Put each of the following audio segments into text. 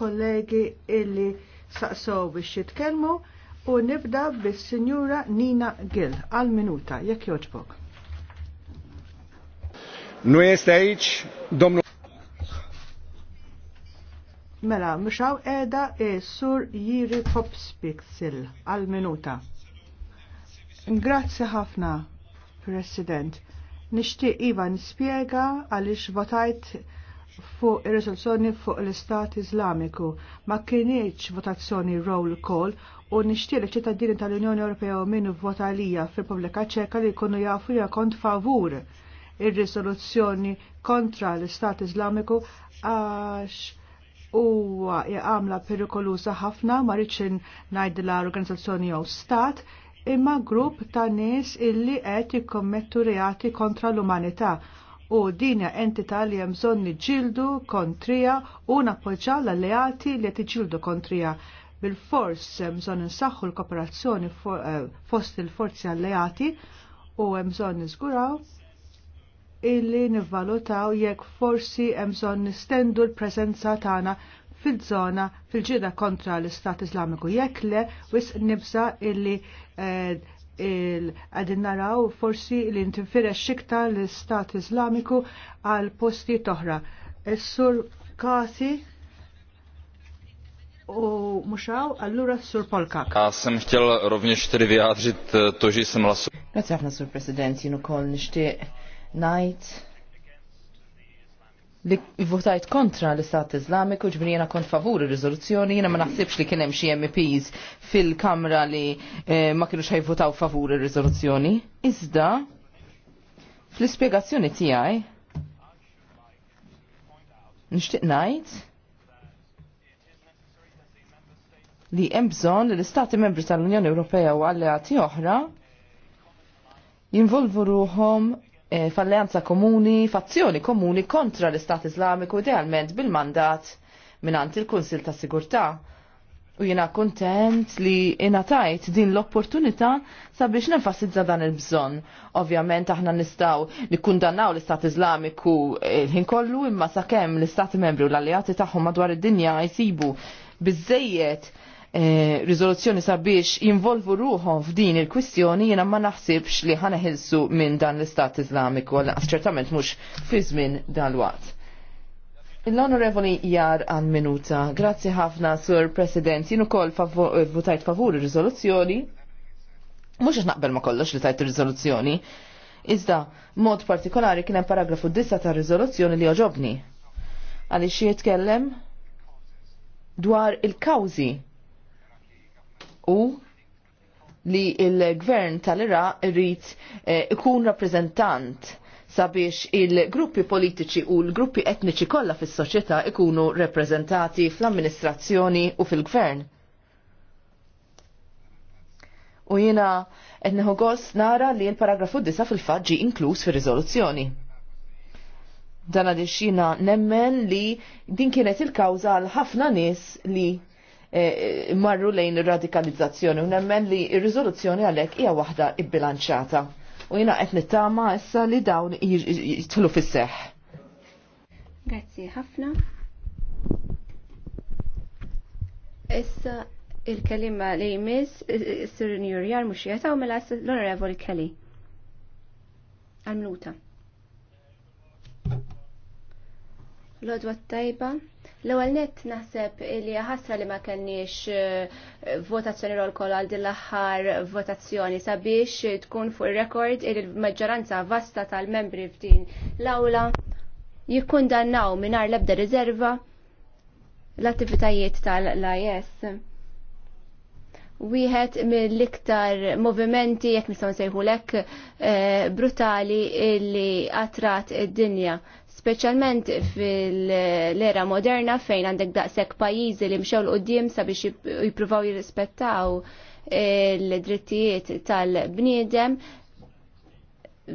kollegi illi saqsow biex jitkellmu u nibda bis-Sinjura Nina Gill għal minuta jekk joġbok. Nu domnu. Mela, mxaw edha e sur jiri popspiksil għal minuta. Grazzi ħafna, President. Nishtiq Iva spiega għalix votajt fuq ir riżoluzzjoni fuq l-Istat Islamiku. Ma kienieċ votazzjoni roll call u nixtieq ċittadini tal-Unjoni Ewropea u minn vota fil-Pubblika Ċeka li jkunu jafu ja kont favur ir riżoluzzjoni kontra l-Istat Islamiku għax huwa għamla perikoluża ħafna ma rridx l organizzazzjoni jew stat imma grupp ta' nies illi qed jikkommettu reati kontra l-umanità u dinja entita li hemm bżonn kontrija u nappoġġaw l-alleati li qed kontrija. Bil-fors hemm bżonn insaħħu l-kooperazzjoni eh, fost il-forzi alleati u hemm bżonn niżguraw illi nivvalutaw jekk forsi hemm bżonn nistendu l-preżenza tagħna fil-żona fil-ġida kontra l-Istat Islamiku jekk le wisq nibsa illi eh, il-għadin naraw forsi l intinfirex xikta l-Stat Islamiku għal posti toħra. Is-sur Kasi u muxaw għallura sur Polka. Għasem xtjel rovniex tri viħadġit e, toġi sim lasu. Grazie sur President, jinu kol nishtiq najt li votajt kontra l-Istat Islamiku ġbri jena kont favur il-rizoluzzjoni, jena ma naħsibx li kienem xie MPs fil-kamra li eh, ma kienu xaj votaw favur il-rizoluzzjoni. Iżda, fl-ispiegazzjoni tijaj, nishtiq najt li hemm bżonn li l-Istati membri tal-Unjoni Ewropea u alleati oħra jinvolvu ruhom Eh, falleanza komuni, fazzjoni komuni kontra l-Istat Islamiku idealment bil-mandat minant il-Kunsil ta' Sigurtà. U jena kontent li inatajt din l-opportunità sabiex nenfasizza dan il-bżon. Ovvjament aħna nistaw li kundannaw l-Istat Islamiku eh, il-ħin kollu imma sakemm l-Istati Membri u l-Alleati tagħhom madwar id-dinja jsibu biżejjed Eh, rizoluzzjoni riżoluzzjoni sabiex jinvolvu ruħom f'din il-kwistjoni jiena ma naħsibx li ħaneħilsu minn dan l-Istat Islamiku, għal ċertament mhux fi żmien dal-waqt. L-Onorevoli Jar għan minuta. Grazzi ħafna, Sur President. Jien ukoll eh, votajt favur ir-riżoluzzjoni. Mhux naqbel ma kollox li tajt il riżoluzzjoni Iżda, mod partikolari kien hemm paragrafu dissa ta' riżoluzzjoni li oġobni. Għaliex jitkellem dwar il-kawżi u li il-gvern tal-Iraq rrit eh, ikun rappresentant sabiex il-gruppi politiċi u l-gruppi etniċi kollha fis-soċjetà ikunu rappresentati fl-amministrazzjoni u fil-gvern. U jiena qed neħu nara li l-paragrafu disa fil fadġi ġi inkluż fir-riżoluzzjoni. Dan għaliex nemmen li din kienet il-kawża għal ħafna nies li Eh, marru lejn radikalizzazzjoni u nemmen li ir-riżoluzzjoni għalhekk hija waħda ibbilanċata. U jiena qed nittama issa li dawn jidħlu fis-seħħ. Grazzi ħafna. Issa il-kelima li jmiss eh, eh, Sir Njurjar mhux u mela l-Onorevoli Kelly. Għal-minuta. Lodwa tajba. L-ewwel nett naħseb li ħasra li ma kellniex eh, votazzjoni roll call għal din l-aħħar votazzjoni sabiex tkun fuq ir-rekord il maġġoranza vasta tal-membri f'din l-awla jikkundannaw mingħajr l-ebda riserva l-attivitajiet tal-IS wieħed mill-iktar movimenti jekk nistgħu nsejħulek eh, brutali li attrat id-dinja speċjalment fil-era moderna fejn għandek daqshekk pajjiżi li mxew l-qudiem sabiex jippruvaw jirrispettaw l-drittijiet tal-bniedem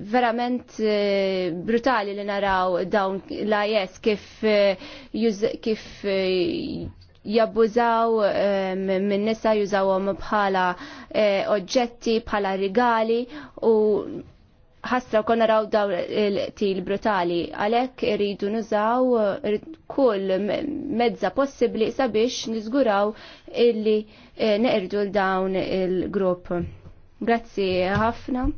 verament eh, brutali li naraw dawn l-IS e kif eh, kif jabbużaw eh, minn nisa jużawhom bħala eh, oġġetti, bħala rigali u ħassra kon naraw daw il-til brutali. Għalek irridu nużaw eh, kull mezza possibli sabiex nizguraw illi neqrdu l-dawn il-grupp. Grazzi ħafna.